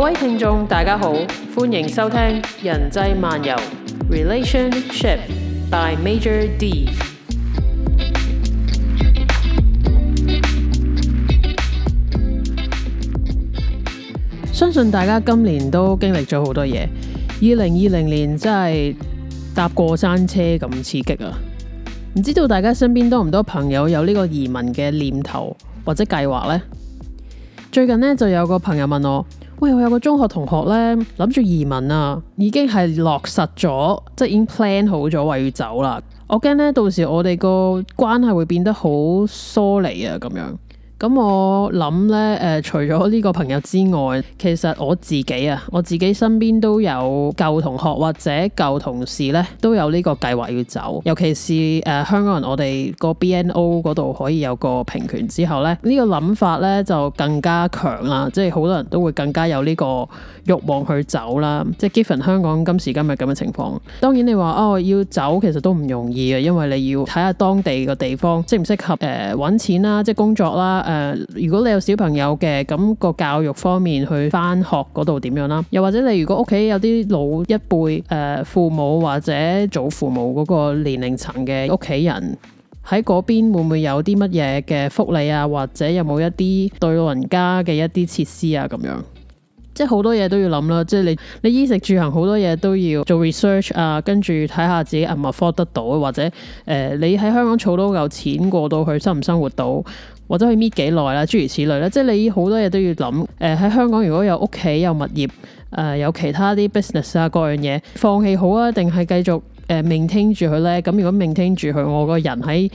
各位聽眾，大家好，歡迎收聽人際漫遊 Relationship by Major D。 相信大家今年都經歷咗好多嘢。二零二零年真係搭過山車咁刺激啊！唔知道大家身邊多唔多朋友有呢個移民嘅念頭或者計劃呢？最近呢，就有個朋友問我。喂，我有個中學同學咧，諗住移民啊，已經係落實咗，即係已經 plan 好咗，話要走啦。我驚咧，到時我哋個關係會變得好疏離啊，咁樣。咁我諗咧，誒、呃、除咗呢個朋友之外，其實我自己啊，我自己身邊都有舊同學或者舊同事咧，都有呢個計劃要走。尤其是誒、呃、香港人，我哋個 BNO 嗰度可以有個平權之後咧，這個、呢個諗法咧就更加強啦。即係好多人都會更加有呢個欲望去走啦。即係 given 香港今時今日咁嘅情況，當然你話哦要走其實都唔容易嘅，因為你要睇下當地個地方適唔適合誒揾、呃、錢啦、啊，即係工作啦、啊。誒，如果你有小朋友嘅，咁、那個教育方面去返學嗰度點樣啦？又或者你如果屋企有啲老一輩誒、呃，父母或者祖父母嗰個年齡層嘅屋企人喺嗰邊，邊會唔會有啲乜嘢嘅福利啊？或者有冇一啲對老人家嘅一啲設施啊？咁樣即係好多嘢都要諗啦。即係你你衣食住行好多嘢都要做 research 啊，跟住睇下自己係咪得到，或者誒、呃，你喺香港儲到夠錢過到去生唔生活到？或者去搣幾耐啦，諸如此類啦。即係你好多嘢都要諗。誒、呃、喺香港如果有屋企有物業誒、呃，有其他啲 business 啊各樣嘢放棄好啊？定係繼續誒 maintain 住佢咧？咁如果 maintain 住佢，我個人喺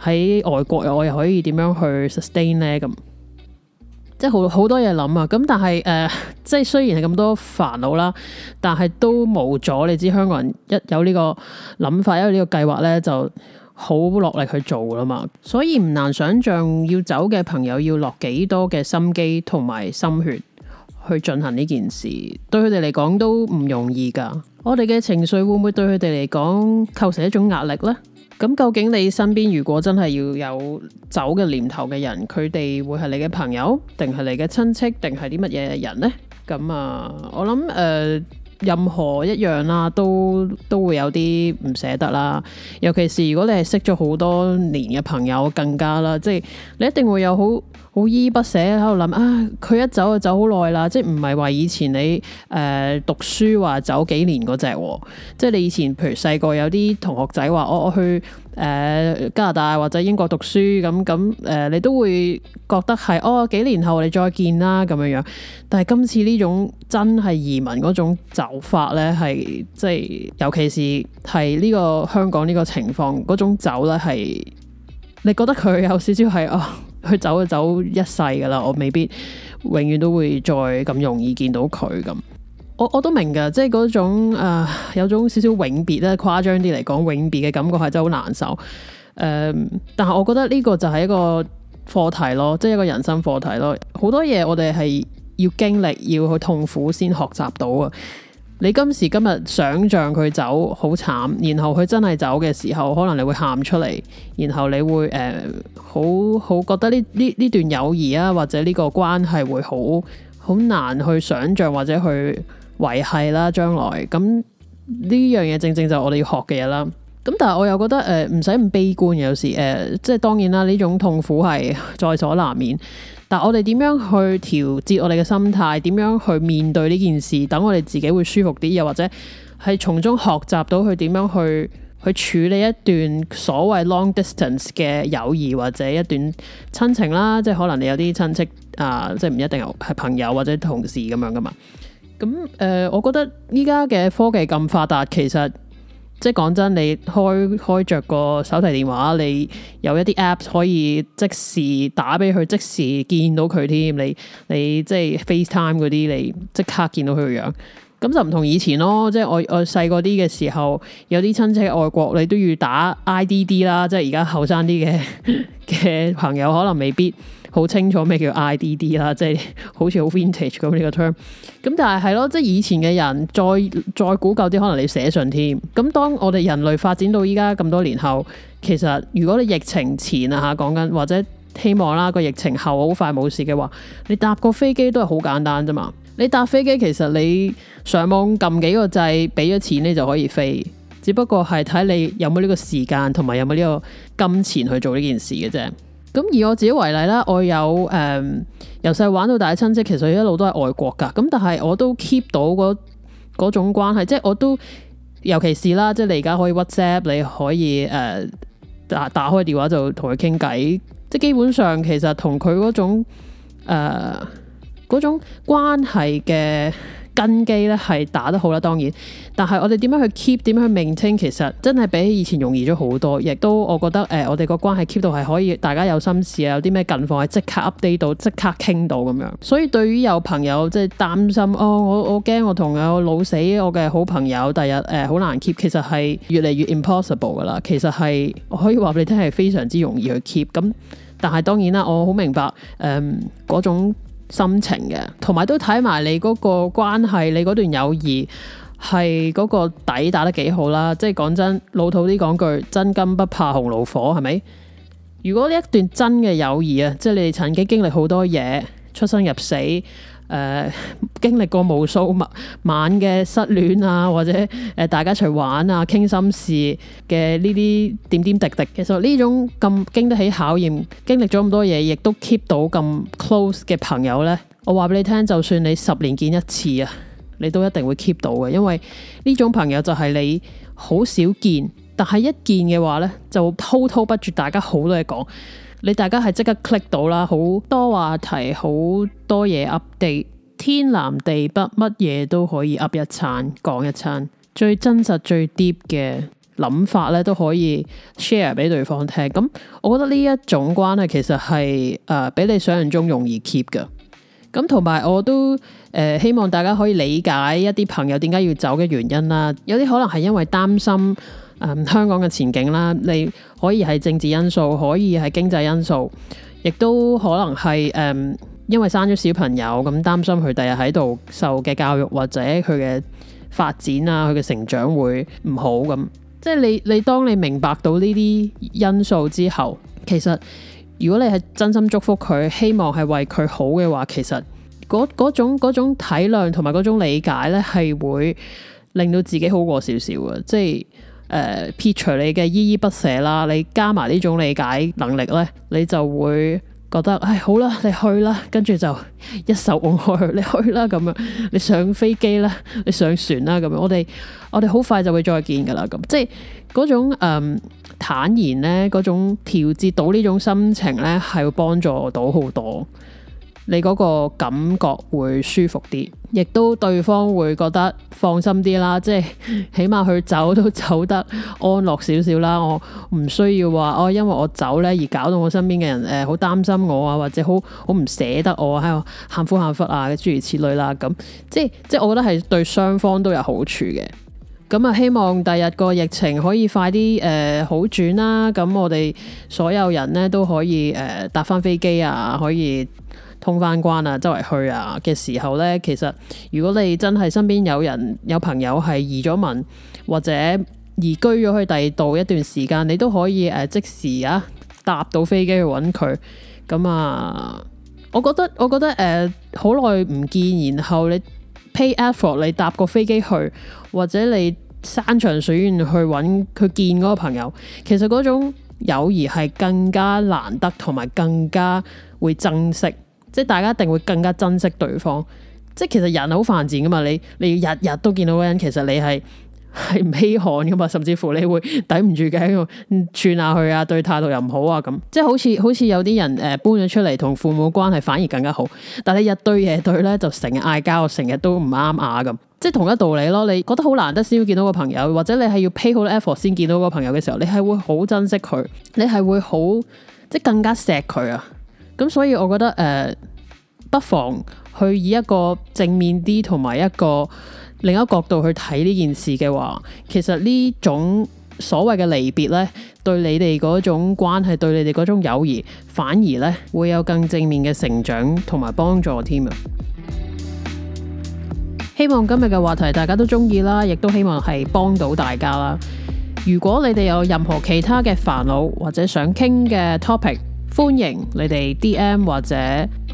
喺外國我又可以點樣去 sustain 咧？咁即係好好多嘢諗啊！咁但係誒，即係、呃、雖然係咁多煩惱啦，但係都冇阻。你知香港人一有呢個諗法，一有呢個計劃咧就。好落力去做啦嘛，所以唔難想象要走嘅朋友要落幾多嘅心機同埋心血去進行呢件事，對佢哋嚟講都唔容易噶。我哋嘅情緒會唔會對佢哋嚟講構成一種壓力呢？咁究竟你身邊如果真係要有走嘅念頭嘅人，佢哋會係你嘅朋友，定係你嘅親戚，定係啲乜嘢人呢？咁啊，我諗誒。呃任何一樣啦，都都會有啲唔捨得啦。尤其是如果你係識咗好多年嘅朋友，更加啦，即係你一定會有好好依依不捨喺度諗啊！佢一走就走好耐啦，即係唔係話以前你誒、呃、讀書話走幾年嗰隻，即係你以前譬如細個有啲同學仔話、哦：我我去誒、呃、加拿大或者英國讀書咁咁誒，你都會覺得係哦幾年後你再見啦咁樣樣。但係今次呢種真係移民嗰種走法咧，係即係，尤其是係呢、這個香港呢個情況，嗰種走咧，係你覺得佢有少少係啊。佢、哦、走就走一世噶啦我未必永遠都會再咁容易見到佢咁。我我都明噶即係嗰種誒、呃，有種少少永別咧，誇張啲嚟講，永別嘅感覺係真係好難受。誒、嗯，但係我覺得呢個就係一個課題咯，即係一個人生課題咯。好多嘢我哋係要經歷，要去痛苦先學習到啊。你今時今日想像佢走好慘，然後佢真係走嘅時候，可能你會喊出嚟，然後你會誒好好覺得呢呢呢段友誼啊，或者呢個關係會好好難去想像或者去維繫啦，啊。將來咁呢樣嘢，正正就係我哋要學嘅嘢啦。咁但係我又覺得誒唔使咁悲觀，有時誒即係當然啦，呢種痛苦係在所難免，但係我哋點樣去調節我哋嘅心態，點樣去面對呢件事，等我哋自己會舒服啲，又或者係從中學習到去點樣去去處理一段所謂 long distance 嘅友誼或者一段親情啦，即係可能你有啲親戚啊、呃，即係唔一定係朋友或者同事咁樣噶嘛。咁、嗯、誒、呃，我覺得依家嘅科技咁發達，其實。即係講真，你開開着個手提電話，你有一啲 app 可以即時打俾佢，即時見到佢添。你你即係 FaceTime 嗰啲，你即刻見到佢個樣。咁就唔同以前咯。即係我我細個啲嘅時候，有啲親戚喺外國，你都要打 IDD 啦。即係而家後生啲嘅嘅朋友，可能未必。好清楚咩叫 IDD 啦，啊，即係好似好 vintage 咁呢個 term。咁但係，係咯，即係以前嘅人再再古舊啲，可能你寫信添。咁當我哋人類發展到依家咁多年後，其實如果你疫情前啊，吓，講緊，或者希望啦個疫情後好快冇事嘅話，你搭個飛機都係好簡單啫嘛。你搭飛機其實你上網撳幾個掣，俾咗錢你就可以飛。只不過係睇你有冇呢個時間同埋有冇呢個金錢去做呢件事嘅啫。咁以我自己為例啦，我有誒由細玩到大嘅親戚，其實一路都係外國噶，咁但係我，我都 keep 到嗰嗰種關係，即係我都尤其是啦，即係你而家可以 WhatsApp，你可以誒、呃、打打開電話就同佢傾偈，即係基本上其實同佢嗰種誒嗰、呃、種關係嘅。根基咧係打得好啦，當然，但係我哋點樣去 keep，點樣去 maintain，其實真係比起以前容易咗好多，亦都我覺得誒、呃，我哋個關係 keep 到係可以，大家有心事啊，有啲咩近況係即刻 update 到，即刻傾到咁樣。所以對於有朋友即係、就是、擔心哦，我我驚我同個老死我嘅好朋友，第日誒好難 keep，其實係越嚟越 impossible 噶啦。其實係我可以話俾你聽，係非常之容易去 keep。咁但係當然啦，我好明白誒嗰、嗯、種。心情嘅，同埋都睇埋你嗰個關係，你嗰段友誼係嗰個底打得幾好啦。即係講真，老土啲講句，真金不怕紅爐火，係咪？如果呢一段真嘅友誼啊，即係你哋曾經經歷好多嘢，出生入死。誒、呃，經歷過無數晚嘅失戀啊，或者誒、呃、大家一齊玩啊、傾心事嘅呢啲點點滴滴。其實呢種咁經得起考驗、經歷咗咁多嘢，亦都 keep 到咁 close 嘅朋友呢。我話俾你聽，就算你十年見一次啊，你都一定會 keep 到嘅，因為呢種朋友就係你好少見，但係一見嘅話呢，就滔滔不絕，大家好多嘢講。你大家係即刻 click 到啦，好多話題，好多嘢 up 地，天南地北，乜嘢都可以 up 一餐，講一餐，最真實、最 deep 嘅諗法咧都可以 share 俾對方聽。咁，我覺得呢一種關係其實係誒、呃、比你想像中容易 keep 噶。咁同埋我都誒、呃、希望大家可以理解一啲朋友點解要走嘅原因啦。有啲可能係因為擔心。誒、嗯、香港嘅前景啦，你可以係政治因素，可以係經濟因素，亦都可能係誒、嗯，因為生咗小朋友咁擔心佢第日喺度受嘅教育或者佢嘅發展啊，佢嘅成長會唔好咁。即係你你當你明白到呢啲因素之後，其實如果你係真心祝福佢，希望係為佢好嘅話，其實嗰嗰種嗰種體諒同埋嗰種理解呢，係會令到自己好過少少嘅，即係。誒、呃、撇除你嘅依依不捨啦，你加埋呢種理解能力呢，你就會覺得，唉，好啦，你去啦，跟住就一手按開，你去啦咁樣，你上飛機啦，你上船啦咁樣，我哋我哋好快就會再見噶啦，咁即係嗰種、呃、坦然呢，嗰種調節到呢種心情呢，係會幫助到好多。你嗰個感覺會舒服啲，亦都對方會覺得放心啲啦。即係起碼佢走都走得安樂少少啦。我唔需要話哦，因為我走咧而搞到我身邊嘅人誒好、呃、擔心我啊，或者好好唔捨得我，我哭哭哭哭哭啊，喺度喊苦喊忽啊諸如此類啦、啊。咁即即我覺得係對雙方都有好處嘅。咁啊，希望第日個疫情可以快啲誒、呃、好轉啦。咁我哋所有人咧都可以誒、呃、搭返飛機啊，可以。通翻關啊！周圍去啊嘅時候呢，其實如果你真係身邊有人有朋友係移咗民或者移居咗去第二度一段時間，你都可以誒、呃、即時啊搭到飛機去揾佢咁啊。我覺得我覺得誒好耐唔見，然後你 pay effort 你搭個飛機去，或者你山長水遠去揾佢見嗰個朋友，其實嗰種友誼係更加難得同埋更加會珍惜。即係大家一定會更加珍惜對方，即係其實人好犯賤噶嘛，你你日日都見到嗰人，其實你係係唔稀罕噶嘛，甚至乎你會抵唔住嘅喺度串下佢啊，對態度又唔好啊，咁即係好似好似有啲人誒、呃、搬咗出嚟，同父母關係反而更加好，但係你日對夜對咧，就成日嗌交，成日都唔啱牙咁，即係同一道理咯。你覺得好難得先會見到個朋友，或者你係要 pay 好多 effort 先見到個朋友嘅時候，你係會好珍惜佢，你係會好即係更加錫佢啊。咁所以我覺得誒、呃，不妨去以一個正面啲同埋一個另一角度去睇呢件事嘅話，其實呢種所謂嘅離別咧，對你哋嗰種關係，對你哋嗰種友誼，反而咧會有更正面嘅成長同埋幫助添啊！希望今日嘅話題大家都中意啦，亦都希望係幫到大家啦。如果你哋有任何其他嘅煩惱或者想傾嘅 topic，歡迎你哋 DM 或者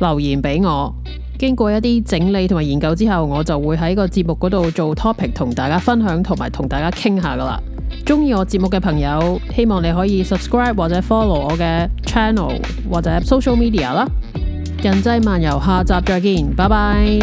留言俾我。經過一啲整理同埋研究之後，我就會喺個節目嗰度做 topic 同大家分享，同埋同大家傾下㗎喇。中意我節目嘅朋友，希望你可以 subscribe 或者 follow 我嘅 channel 或者 social media 啦。人際漫遊，下集再見，拜拜。